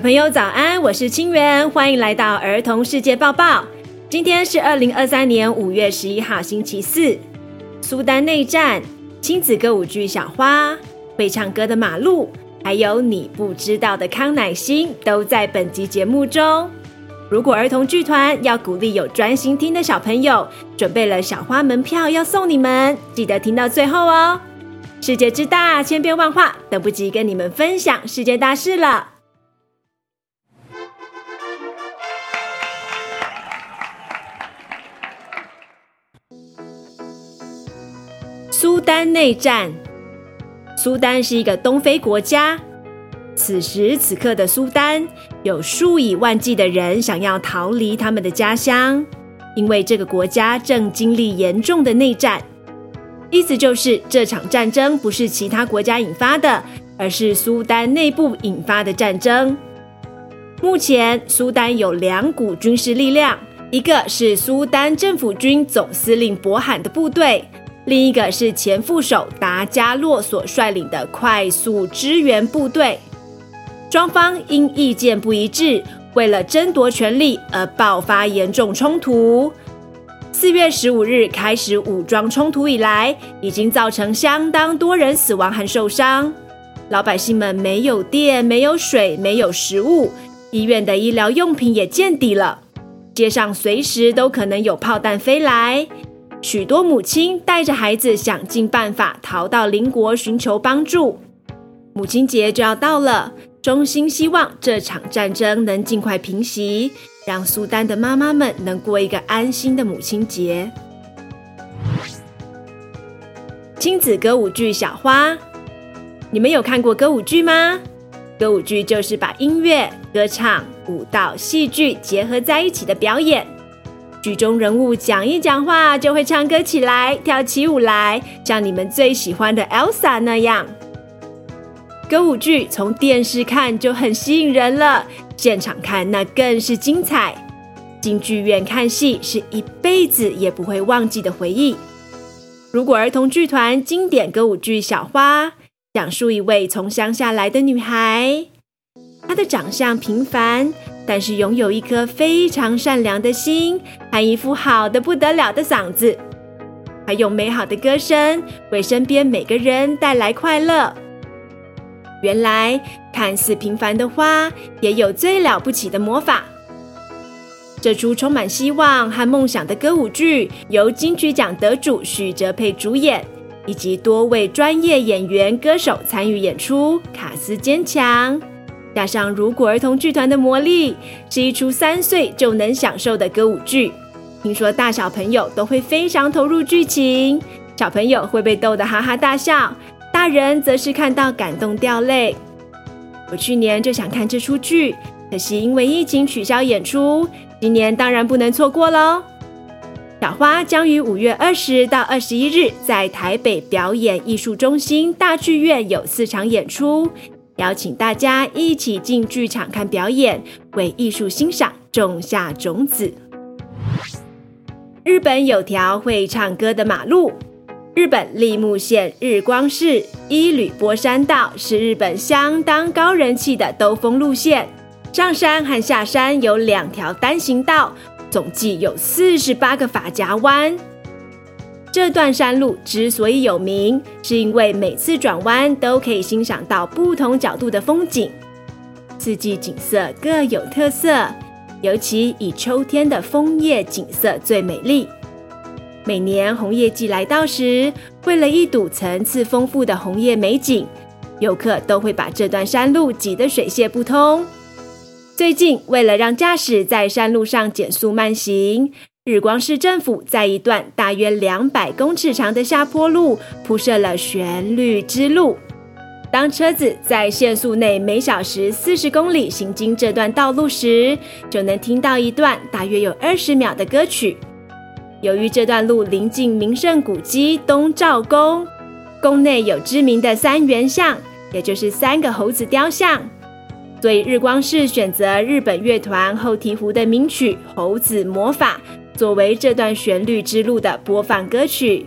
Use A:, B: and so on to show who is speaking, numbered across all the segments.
A: 小朋友早安，我是清源，歡迎來到兒童世界報報。今天是二零二三年五月十一號星期四。蘇丹內戰、親子歌舞劇《小花》、會唱歌的馬路，還有你不知道的康乃馨，都在本集節目中。如果兒童劇團要鼓勵有專心聽的小朋友，準備了小花門票要送你們，記得聽到最後哦。世界之大，千變萬化，等不及跟你們分享世界大事了。蘇丹內戰。蘇丹是一個東非國家，此時此刻的蘇丹有數以萬計的人想要逃離他們的家鄉，因為這個國家正經歷嚴重的內戰。意思就是，這場戰爭不是其他國家引發的，而是蘇丹內部引發的戰爭。目前，蘇丹有兩股軍事力量，一個是蘇丹政府軍總司令伯罕的部隊。另一個是前副手達加洛所率領的快速支援部隊。雙方因意見不一致，為了爭奪權力而爆發嚴重衝突。四月十五日開始武裝衝突以來，已經造成相當多人死亡和受傷。老百姓們沒有電、沒有水、沒有食物，醫院的醫療用品也見底了。街上隨時都可能有炮彈飛來。許多母親帶着孩子，想盡辦法逃到鄰國尋求幫助。母親節就要到了，衷心希望這場戰爭能尽快平息，讓蘇丹的媽媽們能過一個安心的母親節。親子歌舞劇《小花》，你們有看過歌舞劇嗎？歌舞劇就是把音樂、歌唱、舞蹈、戲劇結合在一起的表演。劇中人物講一講話就會唱歌起來，跳起舞來，像你們最喜歡的 Elsa 那樣。歌舞劇從電視看就很吸引人了，現場看那更是精彩。進劇院看戲是一輩子也不會忘記的回憶。如果兒童劇團經典歌舞劇《小花》，講述一位從鄉下來的女孩，她的長相平凡。但是擁有一顆非常善良的心，和一副好的不得了的嗓子，還有美好的歌聲，為身邊每個人帶來快樂。原來看似平凡的花也有最了不起的魔法。這出充滿希望和夢想的歌舞劇，由金曲獎得主許哲佩主演，以及多位專業演員、歌手參與演出。卡斯堅強。加上，如果兒童劇團的魔力是一出三歲就能享受的歌舞劇，聽說大小朋友都會非常投入劇情，小朋友會被逗得哈哈大笑，大人則是看到感動掉淚。我去年就想看這出劇，可惜因為疫情取消演出，今年當然不能錯過嘍。小花將於五月二十到二十一日在台北表演藝術中心大劇院有四場演出。邀請大家一起進劇場看表演，為藝術欣賞種下種子。日本有條會唱歌的馬路。日本栃木縣日光市伊呂波山道是日本相當高人氣的兜風路線。上山和下山有兩條單行道，總計有四十八個髮夾彎。這段山路之所以有名，是因為每次轉彎都可以欣賞到不同角度的風景，四季景色各有特色，尤其以秋天的楓葉景色最美麗。每年紅葉季來到時，為了一睹層次豐富的紅葉美景，遊客都會把這段山路擠得水泄不通。最近，為了讓駕駛在山路上減速慢行，日光市政府在一段大約兩百公尺長的下坡路鋪設了旋律之路。當車子在限速內每小時四十公里行經這段道路時，就能聽到一段大約有二十秒的歌曲。由於這段路臨近名勝古蹟東照宮，宮內有知名的三猿像，也就是三個猴子雕像，所以日光市選擇日本樂團後醍醐的名曲《猴子魔法》。作為這段旋律之路的播放歌曲，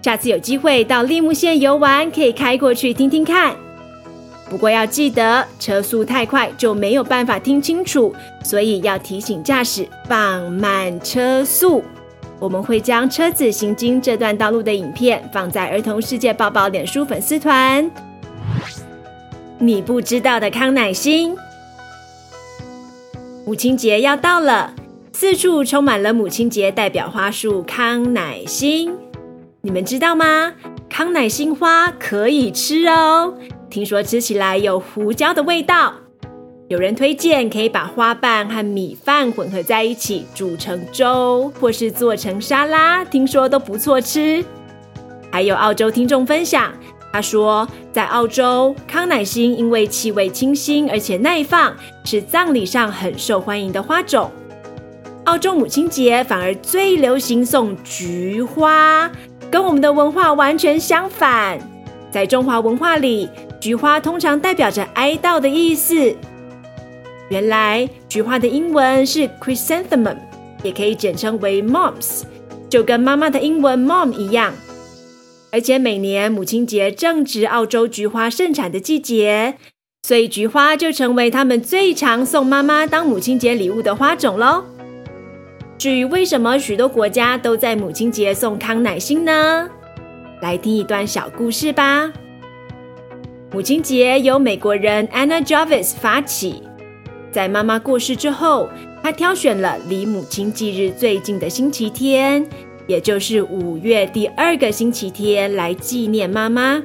A: 下次有機會到栃木縣遊玩，可以開過去聽聽看。不過要記得車速太快就沒有辦法聽清楚，所以要提醒駕駛放慢車速。我們會將車子行經這段道路的影片放在兒童世界報報臉書粉絲團。你不知道的康乃馨，母親節要到了。四處充滿了母親節代表花束康乃馨，你們知道嗎？康乃馨花可以吃哦，聽說吃起來有胡椒的味道。有人推薦可以把花瓣和米飯混合在一起煮成粥，或是做成沙拉，聽說都不錯吃。還有澳洲聽眾分享，他說在澳洲康乃馨因為氣味清新而且耐放，是葬禮上很受歡迎的花種。澳洲母親節反而最流行送菊花，跟我們的文化完全相反。在中華文化裡，菊花通常代表着哀悼的意思。原來菊花的英文是 Chrysanthemum，也可以簡稱為 Moms，就跟媽媽的英文 Mom 一樣。而且每年母親節正值澳洲菊花盛產的季節，所以菊花就成為他們最常送媽媽當母親節禮物的花種嘍。至於為什麼許多國家都在母親節送康乃馨呢？來聽一段小故事吧。母親節由美國人 Anna Jarvis 發起，在媽媽過世之後，她挑選了離母親忌日最近的星期天，也就是五月第二個星期天來紀念媽媽。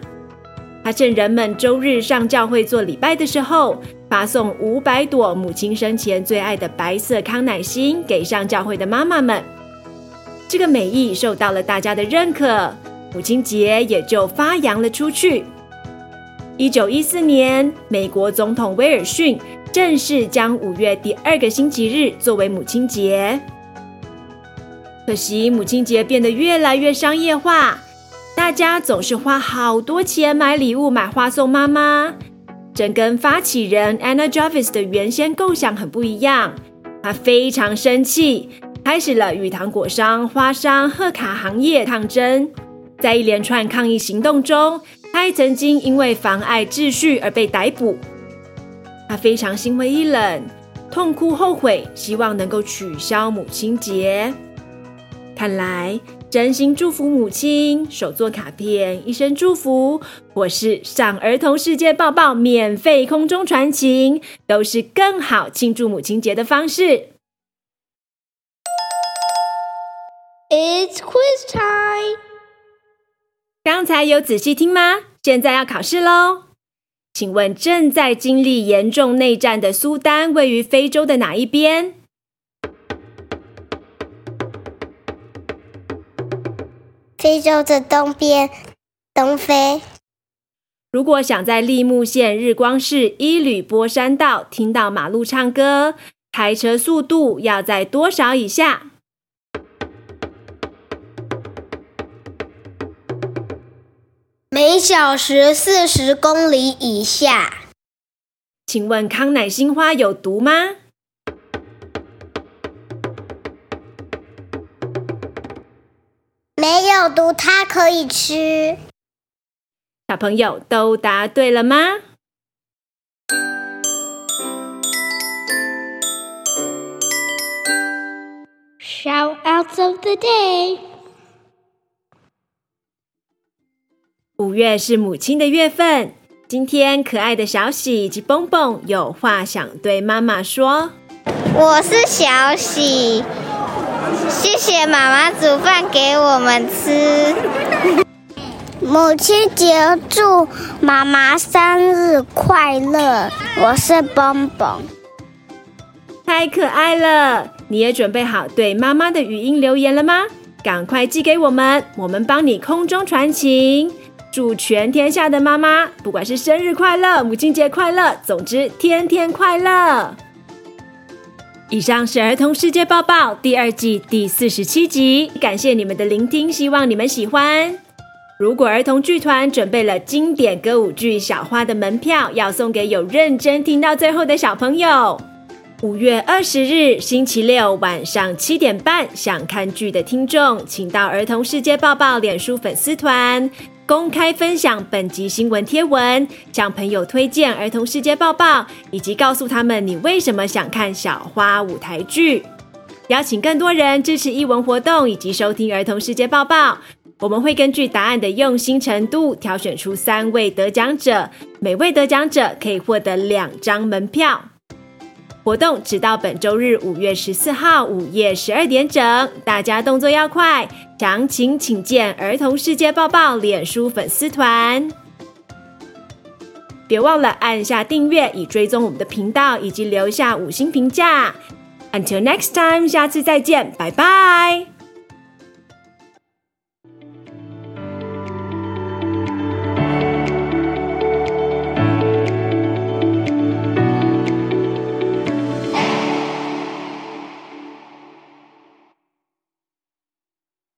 A: 他趁人們周日上教會做禮拜的時候，發送五百朵母親生前最愛的白色康乃馨給上教會的媽媽們。這個美意受到了大家的認可，母親節也就發揚了出去。一九一四年，美國總統威爾遜正式將五月第二個星期日作為母親節。可惜，母親節變得越來越商業化。大家總是花好多錢買禮物、買花送媽媽，這跟發起人 Anna Jarvis 的原先構想很不一樣。她非常生氣，開始了與糖果商、花商、賀卡行業抗爭。在一連串抗議行動中，她還曾經因為妨礙秩序而被逮捕。她非常心灰意冷，痛哭後悔，希望能夠取消母親節。看來，真心祝福母親，手作卡片，一生祝福。或是上兒童世界抱抱，免費空中傳情，都是更好慶祝母親節的方式。It's Quiz Time。剛才有仔細聽嗎？現在要考試咯。請問正在經歷嚴重內戰的蘇丹位於非洲的哪一邊？非洲的東邊，東非。如果想在栃木縣日光市伊呂波山道聽到馬路唱歌，開車速度要在多少以下？每小時四十公里以下。請問康乃馨花有毒嗎？有毒，它可以吃。小朋友都答對了嗎？Shoutouts of the day，五月是母親的月份。今天可愛的小喜以及蹦蹦有話想對媽媽說。我是小喜。謝謝媽媽煮飯給我們吃。 母親節祝媽媽生日快樂！我是蹦蹦，太可愛了！你也準備好對媽媽的語音留言了嗎？趕快寄給我們，我們幫你空中傳情。祝全天下的媽媽，不管是生日快樂、母親節快樂，總之天天快樂！以上是兒童世界報報第二季第四十七集，感謝你們的聆聽，希望你們喜歡。如果兒童劇團準備了經典歌舞劇《小花》的門票，要送給有認真聽到最後的小朋友。五月二十日星期六晚上七點半，想看劇的聽眾，請到兒童世界報報臉書粉絲團。公開分享本集新聞貼文，向朋友推薦《兒童世界報報》，以及告訴他們你為什麼想看小花舞台劇，邀請更多人支持藝文活動以及收聽《兒童世界報報》。我們會根據答案的用心程度，挑選出三位得獎者，每位得獎者可以獲得兩張門票。活動直到本周日五月十四號午夜十二點整，大家動作要快，詳情請見《兒童世界報報》臉書粉絲團。別忘了按下訂閱，以追蹤我們的頻道，以及留下五星評價。Until next time，下次再見，拜拜。